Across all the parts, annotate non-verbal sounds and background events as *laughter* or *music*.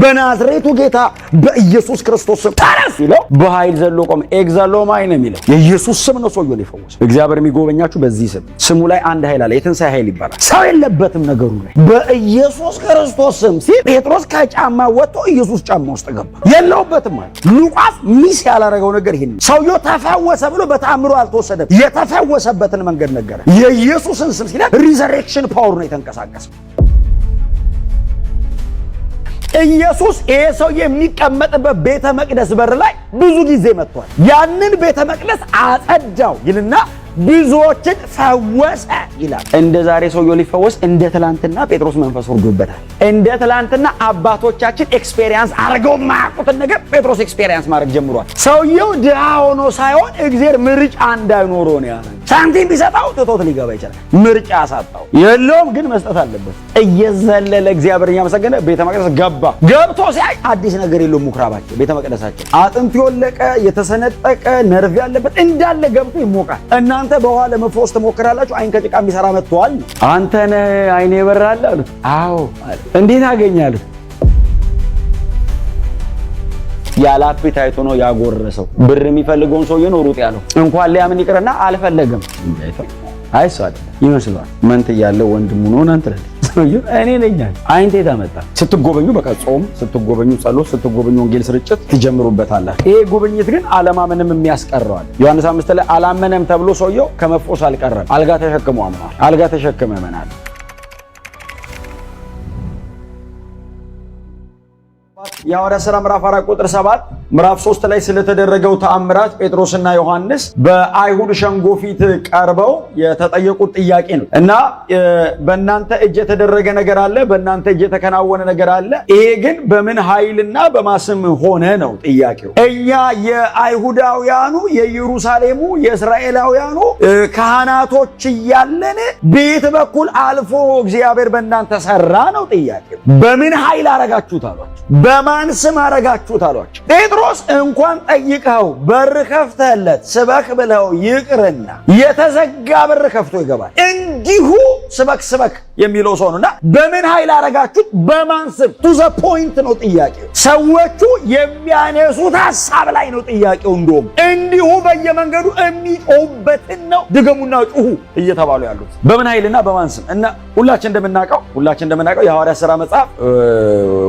በናዝሬቱ ጌታ በኢየሱስ ክርስቶስ ስም ተነስ ይለው በኃይል ዘሎ ቆመ። ኤግዛሎማይ ነው የሚለው የኢየሱስ ስም ነው። ሰውየው የፈወሰ እግዚአብሔር የሚጎበኛችሁ በዚህ ስም። ስሙ ላይ አንድ ኃይል አለ፣ የትንሣኤ ኃይል ይባላል። ሰው የለበትም ነገሩ ላይ በኢየሱስ ክርስቶስ ስም ሲል ጴጥሮስ ከጫማ ወጥቶ ኢየሱስ ጫማ ውስጥ ገባ። የለውበትም አለ። ሉቃስ ሚስ ያላረገው ነገር ይሄን ሰውየው ተፈወሰ ብሎ በተአምሮ አልተወሰደም። የተፈወሰበትን መንገድ ነገረ። የኢየሱስን ስም ሲለ ሪዘሬክሽን ፓወር ነው የተንቀሳቀሰው። ኢየሱስ ይሄ ሰው የሚቀመጥበት ቤተ መቅደስ በር ላይ ብዙ ጊዜ መጥቷል። ያንን ቤተ መቅደስ አጸዳው ይልና ብዙዎችን ፈወሰ ይላል። እንደ ዛሬ ሰውየው ሊፈወስ እንደ ትላንትና ጴጥሮስ መንፈስ ወርዶበታል። እንደ ትላንትና አባቶቻችን ኤክስፔሪንስ አድርገው ማያውቁትን ነገር ጴጥሮስ ኤክስፔሪንስ ማድረግ ጀምሯል። ሰውየው ድሃ ሆኖ ሳይሆን እግዜር ምርጫ እንዳይኖረው ነው ያለ ሳንቲም ቢሰጣው ትቶት ሊገባ ይችላል። ምርጫ አሳጣው የለውም፣ ግን መስጠት አለበት። እየዘለለ እግዚአብሔር እያመሰገነ ቤተ መቅደስ ገባ። ገብቶ ሲያይ አዲስ ነገር የለውም። ምኩራባቸው፣ ቤተ መቅደሳቸው አጥንት የወለቀ የተሰነጠቀ ነርቭ ያለበት እንዳለ ገብቶ ይሞቃል። እናንተ በውሃ ለመፎስ ትሞክራላችሁ፣ አይን ከጭቃ የሚሰራ መጥተዋል። አንተ ነህ አይን አሉት። አዎ። እንዴት አገኛሉት ያለ አፒታይቱ ነው ያጎረሰው። ብር የሚፈልገውን ሰውዬ ነው ሩጥ ያለው። እንኳን ሊያምን ይቅርና አልፈለገም። አይ እሱ አይደለም ይመስሏል። መንት እያለ ወንድሙ ነው እናንተ እኔ ነኝ አይንቴ ታመጣ። ስትጎበኙ በቃ ጾም ስትጎበኙ፣ ጸሎት ስትጎበኙ፣ ወንጌል ስርጭት ትጀምሩበታላችሁ። ይሄ ጉብኝት ግን አለማመንም የሚያስቀረዋል። ዮሐንስ አምስት ላይ አላመነም ተብሎ ሰውየው ከመፍቆስ አልቀረም። አልጋ ተሸክሞ አምኗል። አልጋ ተሸክመ መናል የሐዋርያት ሥራ ምዕራፍ 4 ቁጥር 7 ምዕራፍ 3 ላይ ስለተደረገው ተአምራት ጴጥሮስና ዮሐንስ በአይሁድ ሸንጎ ፊት ቀርበው የተጠየቁት ጥያቄ ነው እና በእናንተ እጅ የተደረገ ነገር አለ፣ በእናንተ እጅ የተከናወነ ነገር አለ፣ ይሄ ግን በምን ኃይልና በማስም ሆነ ነው ጥያቄው። እኛ የአይሁዳውያኑ የኢየሩሳሌሙ የእስራኤላውያኑ ካህናቶች እያለን ቤት በኩል አልፎ እግዚአብሔር በእናንተ ሰራ ነው ጥያቄው። በምን ኃይል አረጋችሁት አሏቸው። በማን ስም አረጋችሁት አሏቸው። ጴጥሮስ እንኳን ጠይቀው በር ከፍተለት ስበክ ብለው ይቅርና የተዘጋ በር ከፍቶ ይገባል እንዲሁ ስበክ ስበክ የሚለው ሰው ነውና፣ በምን ኃይል አረጋችሁት? በማን ስም? ቱ ዘ ፖይንት ነው ጥያቄው። ሰዎቹ የሚያነሱት ሀሳብ ላይ ነው ጥያቄው። እንደውም እንዲሁ በየመንገዱ የሚጮሁበትን ነው ድገሙና ጩሁ እየተባሉ ያሉት በምን ኃይልና በማን ስም እና ሁላችን እንደምናውቀው ሁላችን እንደምናውቀው የሐዋርያ ሥራ መጽሐፍ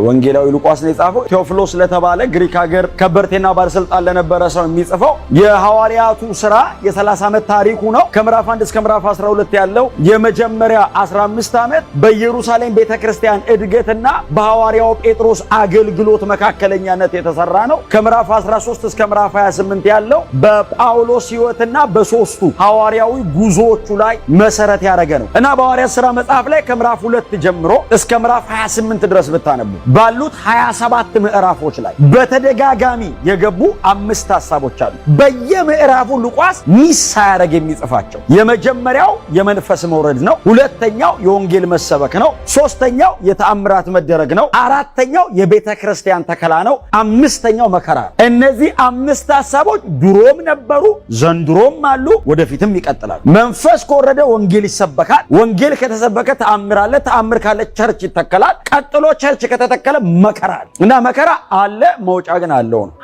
ወንጌላዊ ሉቃስ ነው የጻፈው። ቴዎፍሎስ ለተባለ ግሪክ ሀገር ከበርቴና ባለስልጣን ለነበረ ሰው የሚጽፈው የሐዋርያቱ ሥራ የ30 ዓመት ታሪኩ ነው ከምዕራፍ 1 እስከ ምዕራፍ 12 ያለው የመጀመሪያ የመጀመሪያ 15 ዓመት በኢየሩሳሌም ቤተ ክርስቲያን እድገትና በሐዋርያው ጴጥሮስ አገልግሎት መካከለኛነት የተሰራ ነው። ከምዕራፍ 13 እስከ ምዕራፍ 28 ያለው በጳውሎስ ሕይወትና በሶስቱ ሐዋርያዊ ጉዞዎቹ ላይ መሰረት ያደረገ ነው እና በሐዋርያት ሥራ መጽሐፍ ላይ ከምዕራፍ 2 ጀምሮ እስከ ምዕራፍ 28 ድረስ ብታነቡ ባሉት 27 ምዕራፎች ላይ በተደጋጋሚ የገቡ አምስት ሀሳቦች አሉ። በየምዕራፉ ሉቃስ ሚስ ሳያደርግ የሚጽፋቸው የመጀመሪያው የመንፈስ መውረድ ነው። ሁለተኛው የወንጌል መሰበክ ነው። ሶስተኛው የተአምራት መደረግ ነው። አራተኛው የቤተ ክርስቲያን ተከላ ነው። አምስተኛው መከራ ነው። እነዚህ አምስት ሀሳቦች ድሮም ነበሩ፣ ዘንድሮም አሉ፣ ወደፊትም ይቀጥላሉ። መንፈስ ከወረደ ወንጌል ይሰበካል። ወንጌል ከተሰበከ ተአምር አለ። ተአምር ካለ ቸርች ይተከላል። ቀጥሎ ቸርች ከተተከለ መከራ አለ እና መከራ አለ፣ መውጫ ግን አለው ነው።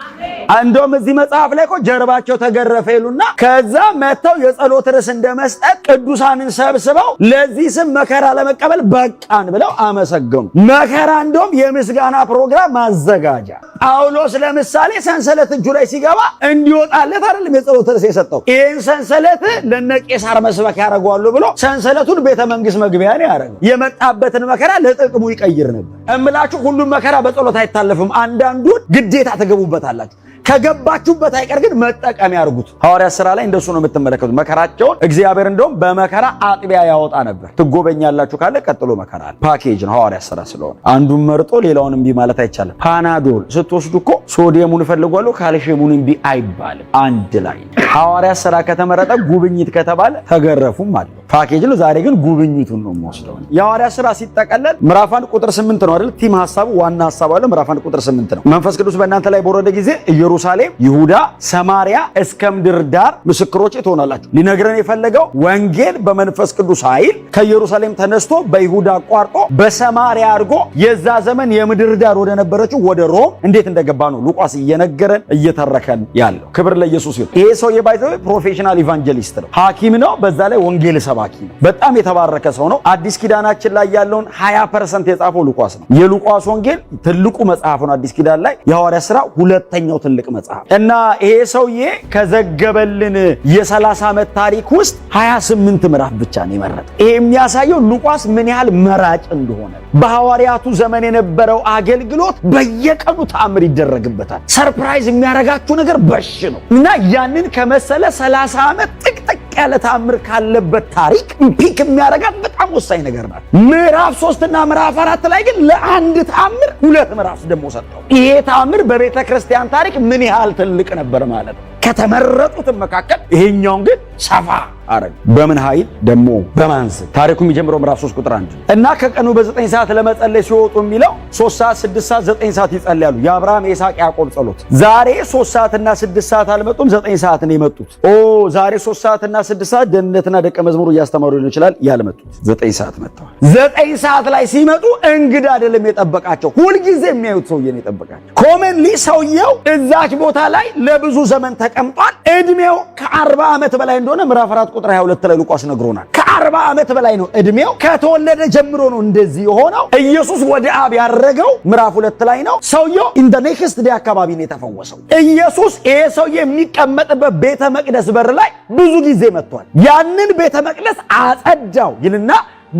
እንደውም እዚህ መጽሐፍ ላይ እኮ ጀርባቸው ተገረፈ ይሉና ከዛ መጥተው የጸሎት ርዕስ እንደመስጠት ቅዱሳንን ሰብስበው ለዚህ ስም መከራ ለመቀበል በቃን ብለው አመሰገኑ። መከራ እንደውም የምስጋና ፕሮግራም ማዘጋጃ። ጳውሎስ ለምሳሌ ሰንሰለት እጁ ላይ ሲገባ እንዲወጣለት አይደለም የጸሎት ርዕስ የሰጠው ይህን ሰንሰለት ለነ ቄሳር መስበክ ያደርገዋሉ ብሎ ሰንሰለቱን ቤተ መንግስት መግቢያ ነው ያደረገው። የመጣበትን መከራ ለጥቅሙ ይቀይር ነበር። እምላችሁ ሁሉም መከራ በጸሎት አይታለፍም። አንዳንዱን ግዴታ ትገቡበታላችሁ። ከገባችሁበት አይቀር ግን መጠቀም ያርጉት። ሐዋርያ ስራ ላይ እንደሱ ነው የምትመለከቱት። መከራቸውን እግዚአብሔር እንደውም በመከራ አጥቢያ ያወጣ ነበር። ትጎበኛላችሁ ካለ ቀጥሎ መከራ አለ። ፓኬጅ ነው ሐዋርያ ስራ ስለሆነ አንዱን መርጦ ሌላውን እምቢ ማለት አይቻልም። ፓናዶል ስትወስዱ እኮ ሶዲየሙን እፈልጓለሁ ካልሽየሙን እምቢ አይባልም። አንድ ላይ ሐዋርያ ስራ ከተመረጠ ጉብኝት ከተባለ ተገረፉም አለ ፓኬጅ ነው። ዛሬ ግን ጉብኝቱን ነው የምወስደው። የሐዋርያ ስራ ሲጠቀለል ምዕራፍ አንድ ቁጥር ስምንት ነው አይደል? ቲም ሀሳቡ ዋና ሀሳብ አለ። ምዕራፍ አንድ ቁጥር ስምንት ነው። መንፈስ ቅዱስ በእናንተ ላይ በወረደ ጊዜ ኢየሩሳሌም፣ ይሁዳ፣ ሰማሪያ እስከ ምድር ዳር ምስክሮቼ ትሆናላችሁ። ሊነግረን የፈለገው ወንጌል በመንፈስ ቅዱስ ኃይል ከኢየሩሳሌም ተነስቶ በይሁዳ አቋርጦ በሰማሪያ አድርጎ የዛ ዘመን የምድር ዳር ወደ ነበረችው ወደ ሮም እንዴት እንደገባ ነው ሉቃስ እየነገረን እየተረከን ያለው። ክብር ለኢየሱስ ይሁን። ይሄ ሰው የባይዘ ፕሮፌሽናል ኢቫንጀሊስት ነው፣ ሐኪም ነው። በዛ ላይ ወንጌል ሰባኪ ነው። በጣም የተባረከ ሰው ነው። አዲስ ኪዳናችን ላይ ያለውን 20 ፐርሰንት የጻፈው ሉቃስ ነው። የሉቃስ ወንጌል ትልቁ መጽሐፍ ነው። አዲስ ኪዳን ላይ የሐዋርያ ሥራ ሁለተኛው ትልቅ መጽሐፍ እና ይሄ ሰውዬ ከዘገበልን የ30 ዓመት ታሪክ ውስጥ 28 ምዕራፍ ብቻ ነው የመረጠ። ይሄ የሚያሳየው ሉቃስ ምን ያህል መራጭ እንደሆነ። በሐዋርያቱ ዘመን የነበረው አገልግሎት በየቀኑ ተአምር ይደረግበታል። ሰርፕራይዝ የሚያረጋችሁ ነገር በሽ ነው እና ያንን ከመሰለ 30 ዓመት ጥቅጥቅ ያለ ተአምር ካለበት ታሪክ ፒክ የሚያደርጋት በጣም ወሳኝ ነገር ናት። ምዕራፍ ሶስትና ምዕራፍ አራት ላይ ግን ለአንድ ተአምር ሁለት ምዕራፍ ደግሞ ሰጠው። ይሄ ተአምር በቤተ ክርስቲያን ታሪክ ምን ያህል ትልቅ ነበር ማለት ነው። ከተመረጡትም መካከል ይሄኛውን ግን ሰፋ አረግ በምን ኃይል ደግሞ በማንስ ታሪኩ የሚጀምረው ምዕራፍ 3 ቁጥር 1 እና ከቀኑ በ9 ሰዓት ለመጸለይ ሲወጡ የሚለው 3 ሰዓት፣ 6 ሰዓት፣ 9 ሰዓት ይጸልያሉ። የአብርሃም የይስሐቅ ያዕቆብ ጸሎት። ዛሬ 3 ሰዓትና 6 ሰዓት አልመጡም፣ 9 ሰዓት ነው የመጡት። ኦ ዛሬ 3 ሰዓትና 6 ሰዓት ደህንነትና ደቀ መዝሙሩ እያስተማሩ ሊሆን ይችላል ያልመጡት፣ 9 ሰዓት መጥተዋል። 9 ሰዓት ላይ ሲመጡ እንግዳ አይደለም የጠበቃቸው፣ ሁልጊዜ የሚያዩት ሰውዬ ነው የጠበቃቸው። ኮመንሊ ሰውየው እዛች ቦታ ላይ ለብዙ ዘመን ተቀምጧል። እድሜው ከ40 ዓመት በላይ እንደሆነ ምዕራፍ 4 ቁጥር 22 ላይ ሉቃስ ነግሮናል። ከአርባ ዓመት በላይ ነው እድሜው። ከተወለደ ጀምሮ ነው እንደዚህ የሆነው። ኢየሱስ ወደ አብ ያረገው ምዕራፍ ሁለት ላይ ነው። ሰውየው ኢን ዘ ኔክስት ዴይ አካባቢ ነው የተፈወሰው። ኢየሱስ ይሄ ሰውዬ የሚቀመጥበት ቤተ መቅደስ በር ላይ ብዙ ጊዜ መጥቷል። ያንን ቤተ መቅደስ አጸዳው ይልና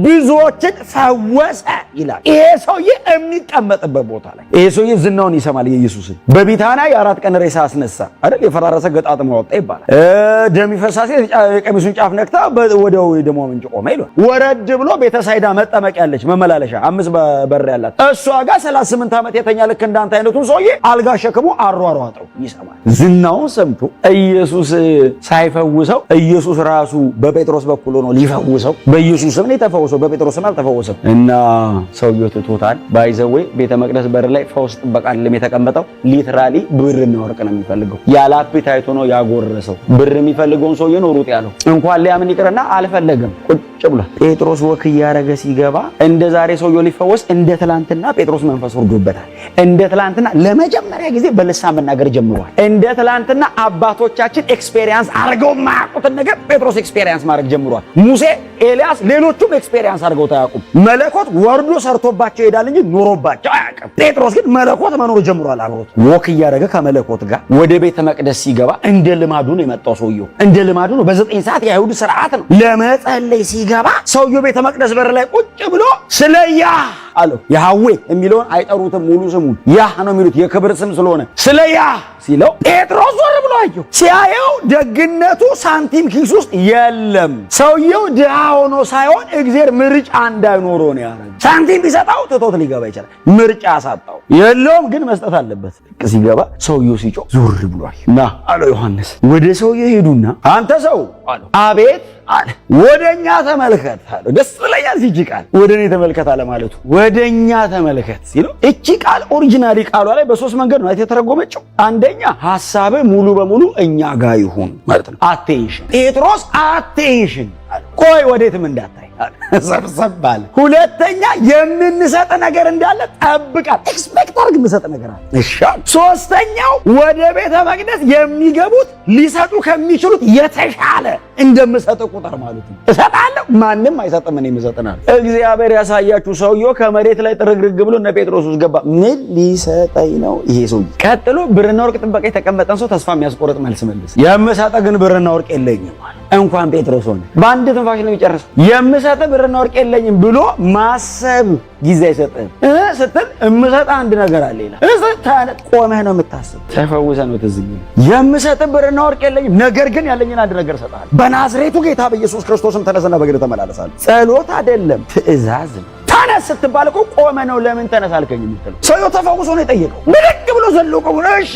ብዙዎችን ፈወሰ ይላል። ይሄ ሰውዬ የሚቀመጥበት ቦታ ላይ ይሄ ሰውዬ ዝናውን ይሰማል። የኢየሱስን በቢታና የአራት ቀን ሬሳ አስነሳ አይደል? የፈራረሰ ገጣጥሞ አወጣ ይባላል። ደም ፈሳሴ የቀሚሱን ጫፍ ነክታ ወደው ደሞ ምንጭ ቆመ ይሏል። ወረድ ብሎ ቤተሳይዳ መጠመቅ ያለች መመላለሻ አምስት በር ያላት እሷ ጋር 38 ዓመት የተኛ ልክ እንዳንተ አይነቱን ሰውዬ አልጋ ሸክሞ አሯሯጠው ይሰማል። ዝናውን ሰምቶ ኢየሱስ ሳይፈውሰው ኢየሱስ ራሱ በጴጥሮስ በኩል ሆኖ ሊፈውሰው በኢየሱስ ስም ተፈውሶ በጴጥሮስም አልተፈወሰም እና ሰውየው ትቶታል። ባይዘዌ ቤተ መቅደስ በር ላይ ፈውስ ጥበቃ አይደለም የተቀመጠው። ሊትራሊ ብር ወርቅ ነው የሚፈልገው። ያለ አፒታይቱ ነው ያጎረሰው። ብር የሚፈልገውን ሰውዬ ነው ሩጥ ያለው። እንኳን ሊያምን ይቅርና አልፈለገም። ቁጭ ብሏል። ጴጥሮስ ወክ እያደረገ ሲገባ እንደ ዛሬ ሰውየው ሊፈወስ እንደ ትላንትና ጴጥሮስ መንፈስ ወርዶበታል። እንደ ትላንትና ለመጀመሪያ ጊዜ በልሳን መናገር ጀምሯል። እንደ ትላንትና አባቶቻችን ኤክስፔሪንስ አድርገው የማያውቁትን ነገር ጴጥሮስ ኤክስፔሪንስ ማድረግ ጀምሯል። ሙሴ፣ ኤልያስ፣ ሌሎቹም ኤክስፔሪንስ አድርገው አያውቁም። መለኮት ወርዶ ሰርቶባቸው ይሄዳል እንጂ ኖሮባቸው አያውቅም። ጴጥሮስ ግን መለኮት መኖር ጀምሯል። አብሮት ወክ እያደረገ ከመለኮት ጋር ወደ ቤተ መቅደስ ሲገባ እንደ ልማዱ ነው የመጣው። ሰውየው እንደ ልማዱ ነው። በዘጠኝ ሰዓት የአይሁድ ስርዓት ነው ለመጸለይ ሲገባ ሰውየው ቤተ መቅደስ በር ላይ ቁጭ ብሎ ስለ ያ አለው። ያህዌ የሚለውን አይጠሩትም ሙሉ ስሙን ያህ ነው የሚሉት የክብር ስም ስለሆነ ስለ ያ ሲለው ጴጥሮስ ዞር ብሎ አየው። ሲያየው ደግነቱ ሳንቲም ኪስ ውስጥ የለም። ሰውየው ድሃ ሆኖ ሳይሆን እግዜር ምርጫ እንዳይኖረው ነው ያደረገው። ሳንቲም ቢሰጣው ትቶት ሊገባ ይችላል። ምርጫ ሳጣው የለውም፣ ግን መስጠት አለበት። ሲገባ ሰውየው ሲጮ ዞር ብሏል። ና አለው ዮሐንስ። ወደ ሰውየው ሄዱና አንተ ሰው አለው አቤት አለ። ወደኛ ተመልከት አለ። ደስ ብለኛል ሲጂ ቃል ወደ እኔ ተመልከት አለ ማለቱ ወደኛ ተመልከት ሲሉ እቺ ቃል ኦሪጂናሊ ቃሏ ላይ በሶስት መንገድ ነው የተተረጎመችው። አንደኛ ሐሳብ ሙሉ በሙሉ እኛ ጋር ይሁን ማለት ነው። አቴንሽን ጴጥሮስ አቴንሽን ቆይ ወዴትም እንዳታይ ሰብሰብ አለ። ሁለተኛ የምንሰጥ ነገር እንዳለ ጠብቃል። ኤክስፔክት አርግ የምንሰጥ ነገር አለ። ሶስተኛው ወደ ቤተ መቅደስ የሚገቡት ሊሰጡ ከሚችሉት የተሻለ እንደምሰጥ ቁጥር ማለት ነው። እሰጣለሁ፣ ማንም አይሰጥም፣ እኔ የምሰጥናል። እግዚአብሔር ያሳያችሁ። ሰውየው ከመሬት ላይ ጥርግርግ ብሎ እነ ጴጥሮስ ውስጥ ገባ። ምን ሊሰጠኝ ነው ይሄ ሰው? ቀጥሎ ብርና ወርቅ ጥበቃ የተቀመጠን ሰው ተስፋ የሚያስቆርጥ መልስ መልስ። የምሰጠ ግን ብርና ወርቅ የለኝም እንኳን ጴጥሮስ ሆነ። በአንድ ትንፋሽ ነው የሚጨርሰው። የምሰጥ ብርና ወርቅ የለኝም ብሎ ማሰብ ጊዜ አይሰጥህም። ስትል የምሰጥ አንድ ነገር አለ ይላል። ቆመህ ነው የምታስብ። ተፈውሰ ነው ትዝ የምሰጥ ብርና ወርቅ የለኝም፣ ነገር ግን ያለኝን አንድ ነገር እሰጥሃለሁ። በናዝሬቱ ጌታ በኢየሱስ ክርስቶስም ተነስና በግድ ተመላለሳል። ጸሎት አይደለም ትእዛዝ ነው። ተነስ ስትባል እኮ ቆመ ነው። ለምን ተነስ አልከኝ የምትለው ሰውየው ተፈውሶ ነው የጠየቀው። ምድግ ብሎ ዘሎ ቆሞ እሺ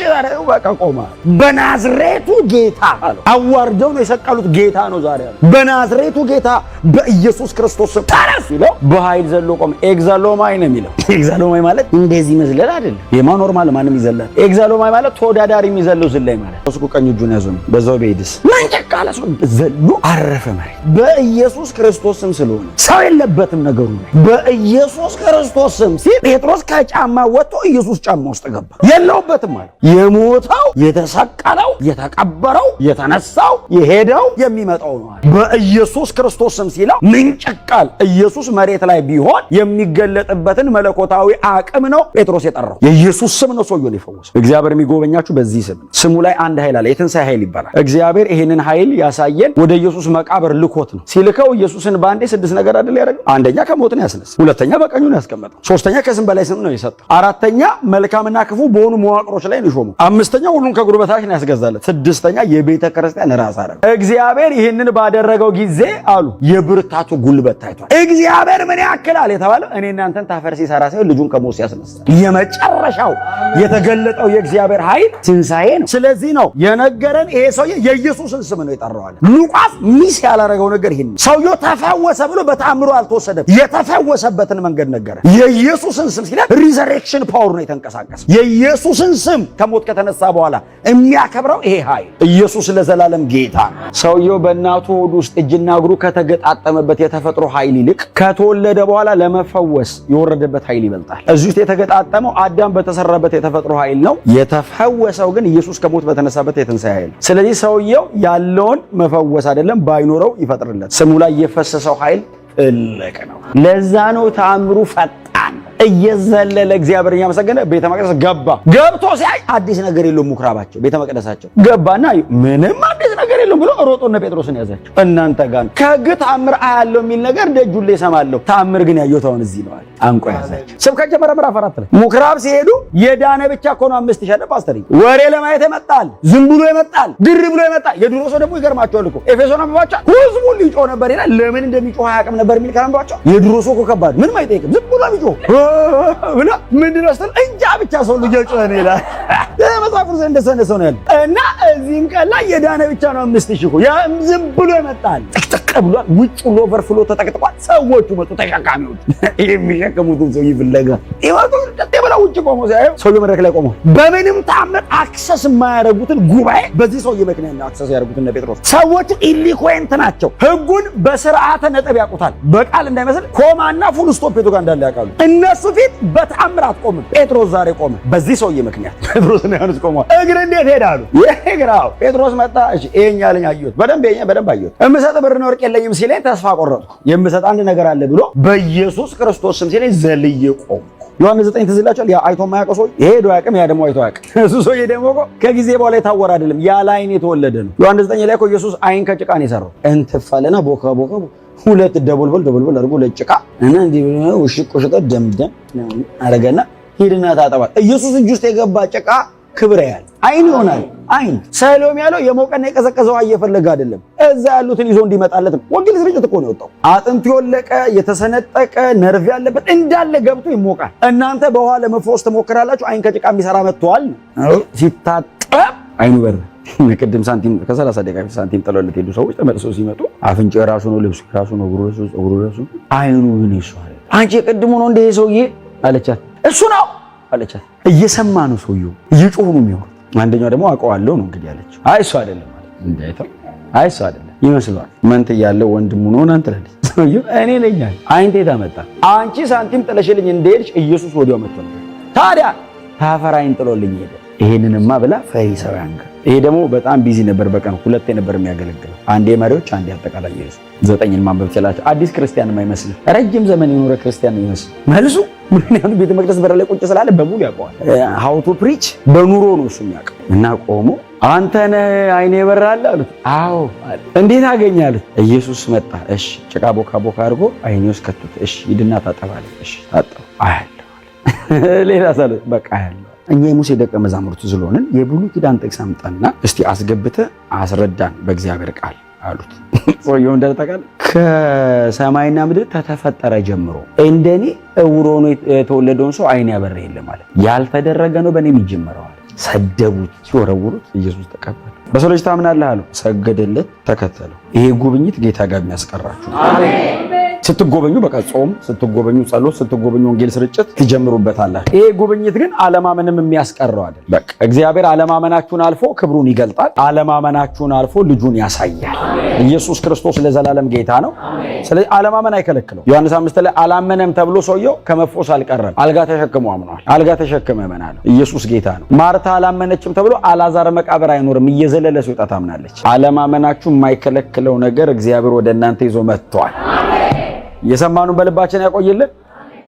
በቃ ቆመ። በናዝሬቱ ጌታ አለው። አዋርደው ነው የሰቀሉት። ጌታ ነው ዛሬ አለው። በናዝሬቱ ጌታ በኢየሱስ ክርስቶስ ስም ተነስ ይለው፣ በኃይል ዘሎ ቆመ። ኤግዛሎማይ ነው የሚለው። ኤግዛሎማይ ማለት እንደዚህ መዝለል አይደለም። የማ ኖርማል ማንም ይዘላል። ኤግዛሎማይ ማለት ተወዳዳሪ የሚዘለው ዝላይ ማለት ሱቁ ቀኝ እጁን ያዙ ነው። በዛው በሄድስ መንጨቅ አለ ሰው ዘሎ አረፈ መሬት በኢየሱስ ክርስቶስ ስም ስለሆነ ሰው የለበትም ነገሩ ላይ በኢየሱስ ክርስቶስ ስም ሲል ጴጥሮስ ከጫማ ወጥቶ ኢየሱስ ጫማ ውስጥ ገባ። የለውበትም አለ። የሞተው የተሰቀለው የተቀበረው የተነሳው የሄደው የሚመጣው ነው አለ። በኢየሱስ ክርስቶስ ስም ሲለው ምንጭቃል። ኢየሱስ መሬት ላይ ቢሆን የሚገለጥበትን መለኮታዊ አቅም ነው ጴጥሮስ የጠራው። የኢየሱስ ስም ነው ሰውየውን የፈወሰው። እግዚአብሔር የሚጎበኛችሁ በዚህ ስም ነው። ስሙ ላይ አንድ ኃይል አለ። የትንሣኤ ኃይል ይባላል። እግዚአብሔር ይህንን ኃይል ያሳየን ወደ ኢየሱስ መቃብር ልኮት ነው። ሲልከው ኢየሱስን በአንዴ ስድስት ነገር አይደል ያደረገው። አንደኛ ከሞት ነው ያስነሳ ሁለተኛ በቀኙ ነው ያስቀመጠው። ሶስተኛ ከስም በላይ ስም ነው የሰጠው። አራተኛ መልካምና ክፉ በሆኑ መዋቅሮች ላይ ነው የሾመው። አምስተኛ ሁሉን ከጉልበታች ነው ያስገዛለት። ስድስተኛ የቤተ ክርስቲያን ራስ አረገ። እግዚአብሔር ይህንን ባደረገው ጊዜ አሉ የብርታቱ ጉልበት ታይቷል። እግዚአብሔር ምን ያክላል የተባለው እኔ እናንተን ታፈር ሲሰራ ሳይሆን ልጁን ከሞት ሲያስነሳ የመጨረሻው የተገለጠው የእግዚአብሔር ኃይል ትንሣኤ ነው። ስለዚህ ነው የነገረን ይሄ ሰውዬ የኢየሱስን ስም ነው የጠራዋል። ሉቃስ ሚስ ያላረገው ነገር ይሄን ሰውየው ተፈወሰ ብሎ በታምሮ አልተወሰደም። የተፈወሰ የደረሰበትን መንገድ ነገረ። የኢየሱስን ስም ሲል ሪዘሬክሽን ፓወር ነው የተንቀሳቀሰ። የኢየሱስን ስም ከሞት ከተነሳ በኋላ የሚያከብረው ይሄ ኃይል ኢየሱስ ለዘላለም ጌታ ነው። ሰውየው በእናቱ ሆድ ውስጥ እጅና እግሩ ከተገጣጠመበት የተፈጥሮ ኃይል ይልቅ ከተወለደ በኋላ ለመፈወስ የወረደበት ኃይል ይበልጣል። እዚህ ውስጥ የተገጣጠመው አዳም በተሰራበት የተፈጥሮ ኃይል ነው። የተፈወሰው ግን ኢየሱስ ከሞት በተነሳበት የትንሣኤ ኃይል። ስለዚህ ሰውየው ያለውን መፈወስ አይደለም ባይኖረው ይፈጥርለት ስሙ ላይ የፈሰሰው ኃይል ትልቅ ነው። ለዛ ነው ተአምሩ ፈጣን እየዘለለ እግዚአብሔር እያመሰገነ ቤተ መቅደስ ገባ። ገብቶ ሲያይ አዲስ ነገር የለውም። ምኩራባቸው ቤተ መቅደሳቸው ገባና ምንም አዲስ ነገር የለም ብሎ ሮጦ እነ ጴጥሮስን ያዛቸው። እናንተ ጋር ከግ ከሕግ ታምር አያለው የሚል ነገር ደጁ ላይ እሰማለሁ፣ ታምር ግን ያየሁት አሁን እዚህ ነው አለ። አንቆ ያዛቸው። ስብከት ጀመረ። ምዕራፍ አራት ላይ ምኩራብ ሲሄዱ የዳነ ብቻ እኮ ነው አምስት ሺህ ፓስተር ወሬ ለማየት ይመጣል፣ ዝም ብሎ ይመጣል፣ ድር ብሎ ይመጣል። የድሮ ሰው ደግሞ ይገርማቸዋል እኮ ኤፌሶን አንብባቸው ህዝቡ ሊጮህ ነበር ይላል። ለምን እንደሚጮህ አያውቅም ነበር የሚል ካንባቸው የድሮ ሰው እኮ ከባድ ምንም አይጠይቅም፣ ዝም ብሎ ሚጮህ ብሎ ምንድን ነው ስትል እንጃ ብቻ ሰው ልጆ ጮኸን ይላል። መጽሐፍ ዘንድ እንደሰነሰው ነው ያለው እና እዚህም ቀን ላይ የዳነ ብቻ ነው አምስት ሺህ ያም ዝም ብሎ ይመጣል። ጠቅጠቅ ብሏል። ውጭ ሁሉ ኦቨርፍሎ ተጠቅጥቋል። ሰዎቹ መጡ። ተሸካሚዎች *laughs* የሚሸከሙትን ሰው ይፍለጋ ይወጡ ብለው ውጭ ቆሞ ሲያዩ ሰውዬ መድረክ ላይ ቆሞ በምንም ታምር አክሰስ የማያደርጉትን ጉባኤ በዚህ ሰውዬ ምክንያት ነው አክሰስ ያደርጉትን እነ ጴጥሮስ ሰዎቹ ኢሊኮንት ናቸው። ህጉን በስርዓተ ነጥብ ያውቁታል። በቃል እንዳይመስል ኮማና ፉል ስቶፕ የቱ ጋር እንዳለ ያውቃሉ። እነሱ ፊት በተአምር አትቆምም። ጴጥሮስ ዛሬ ቆመ በዚህ ሰውዬ ምክንያት *laughs* ጴጥሮስ ነው ዮሐንስ ቆሟል። እግር እንዴት ሄዳሉ? ይሄ ግራው ጴጥሮስ መጣ። እሺ ይሄኛ ለኛ አየሁት፣ በደንብ ይሄኛ በደንብ አየሁት። እምሰጥ ብርና ወርቅ የለኝም ሲለኝ ተስፋ ቆረጥኩ። የምሰጥ አንድ ነገር አለ ብሎ በኢየሱስ ክርስቶስ ስም ሲለኝ ዘልዬ ቆም ዮሐንስ ዘጠኝ ትዝ ይላችኋል። ያ አይቶ የማያውቀው ሰው ይሄ ሄዶ አያውቅም፣ ያ ደግሞ አይቶ አያውቅም። *laughs* እሱ ሰውዬ ደግሞ እኮ ከጊዜ በኋላ የታወረ አይደለም፣ ያለ አይን የተወለደ ነው። ዮሐንስ ዘጠኝ ላይ እኮ ኢየሱስ አይን ከጭቃ ነው የሰራው። እንትፋለና ቦካ ቦካ ሁለት ደቦልቦል ደቦልቦል አድርጎ ለጭቃ እና እንዲህ ብሎ ውሽቅ ውሽቅ ደምደም አረገና ሂድና ታጠባል። ኢየሱስ እጅ ውስጥ የገባ ጭቃ ክብረ ያል አይን ይሆናል። አይን ሰሎም ያለው የሞቀና የቀዘቀዘው እየፈለገ አይደለም፣ እዛ ያሉትን ይዞ እንዲመጣለት ነው። ወንጌል ስርጭት እኮ ነው የወጣው። አጥንት የወለቀ የተሰነጠቀ ነርቭ ያለበት እንዳለ ገብቶ ይሞቃል። እናንተ በውሃ ለመፎስ ትሞክራላችሁ። አይን ከጭቃ የሚሰራ መጥተዋል። ሲታጠብ አይኑ በር ቅድም ሳንቲም ከሰላሳ ደቂቃ ሳንቲም ጥለው ሄዱ ሰዎች ተመልሰው ሲመጡ አፍንጫ ራሱ ነው፣ ልብሱ ራሱ ነው፣ እግሩ የራሱ ነው፣ ጸጉሩ የራሱ አይኑ ምን ይሷል። አንቺ ቅድሙ ነው እንደ ሰውዬ አለቻት። እሱ ነው አለቻት እየሰማ ነው ሰውየው፣ እየጮሁ ነው የሚሆን። አንደኛው ደግሞ አውቀዋለሁ ነው እንግዲህ ያለችው። አይ እሱ አይደለም ማለት እንዳይተው፣ አይ እሱ አይደለም ይመስሏል። መንት ያለው ወንድሙ ነው እናንተ ለልጅ ሰውየው እኔ ነኝ አለ። አይ እንዴት አመጣ? አንቺ ሳንቲም ጥለሽልኝ እንደሄድሽ ኢየሱስ ወዲያው መጥቶ ታዲያ አይን ጥሎልኝ ሄደ። ይሄንንማ ብላ ፈሪሳውያን ጋር ይሄ ደግሞ በጣም ቢዚ ነበር። በቀን ሁለቴ ነበር የሚያገለግለው፣ አንዴ መሪዎች፣ አንዴ አጠቃላይ ኢየሱስ ዘጠኝን ማንበብ ትችላቸው። አዲስ ክርስቲያን አይመስልም፣ ረጅም ዘመን የኖረ ክርስቲያን ይመስል መልሱ ምክንያቱም ቤተ መቅደስ በር ላይ ቁጭ ስላለ በሙሉ ያውቀዋል። ሀው ቱ ፕሪች በኑሮ ነው እሱ የሚያውቀው። እና ቆሞ አንተ ነህ አይኔ የበራል አሉት። አዎ እንዴት አገኘ አሉት። ኢየሱስ መጣ። እሺ ጭቃ ቦካ ቦካ አድርጎ አይኔ ውስጥ ከቱት። እሺ ሂድና ታጠባለ። እሺ ታጠብ፣ አያለሁ *laughs* ሌላ ሳለ በቃ አያለሁ እኛ የሙሴ ደቀ መዛሙርቱ ስለሆንን የብሉይ ኪዳን ጥቅስ አምጣና እስቲ አስገብተ አስረዳን በእግዚአብሔር ቃል አሉት። ሰውየው ተቃል ከሰማይና ምድር ተተፈጠረ ጀምሮ እንደኔ እውሮ ሆኖ የተወለደውን ሰው አይን ያበራ የለም ማለት ያልተደረገ ነው በእኔም ይጀምረዋል። ሰደቡት፣ ሲወረውሩት ኢየሱስ ተቀበለ። በሰው ልጅ ታምናለህ አለው። ሰገደለት፣ ተከተለው። ይሄ ጉብኝት ጌታ ጋር የሚያስቀራችሁ አሜን። ስትጎበኙ በቃ ጾም ስትጎበኙ፣ ጸሎት ስትጎበኙ፣ ወንጌል ስርጭት ትጀምሩበታላችሁ። ይሄ ጉብኝት ግን አለማመንም የሚያስቀረው አይደል። በቃ እግዚአብሔር አለማመናችሁን አልፎ ክብሩን ይገልጣል። አለማመናችሁን አልፎ ልጁን ያሳያል። ኢየሱስ ክርስቶስ ለዘላለም ጌታ ነው። ስለዚህ አለማመን አይከለክለው። ዮሐንስ አምስት ላይ አላመነም ተብሎ ሰውየው ከመፎስ አልቀረም። አልጋ ተሸክሞ አምኗል። አልጋ ተሸክመ መናል። ኢየሱስ ጌታ ነው። ማርታ አላመነችም ተብሎ አላዛር መቃብር አይኖርም እየዘለለ ሲወጣ ታምናለች። አለማመናችሁ የማይከለክለው ነገር እግዚአብሔር ወደ እናንተ ይዞ መጥቷል። እየሰማኑን በልባችን ያቆይልን።